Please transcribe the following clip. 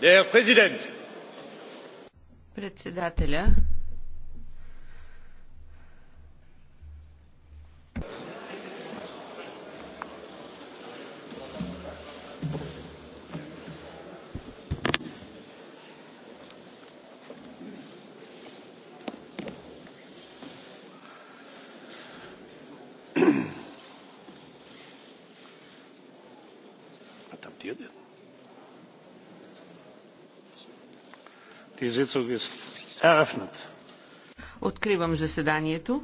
Председателя. Adaptiert werden. Die Sitzung ist eröffnet. Откривам заседанието.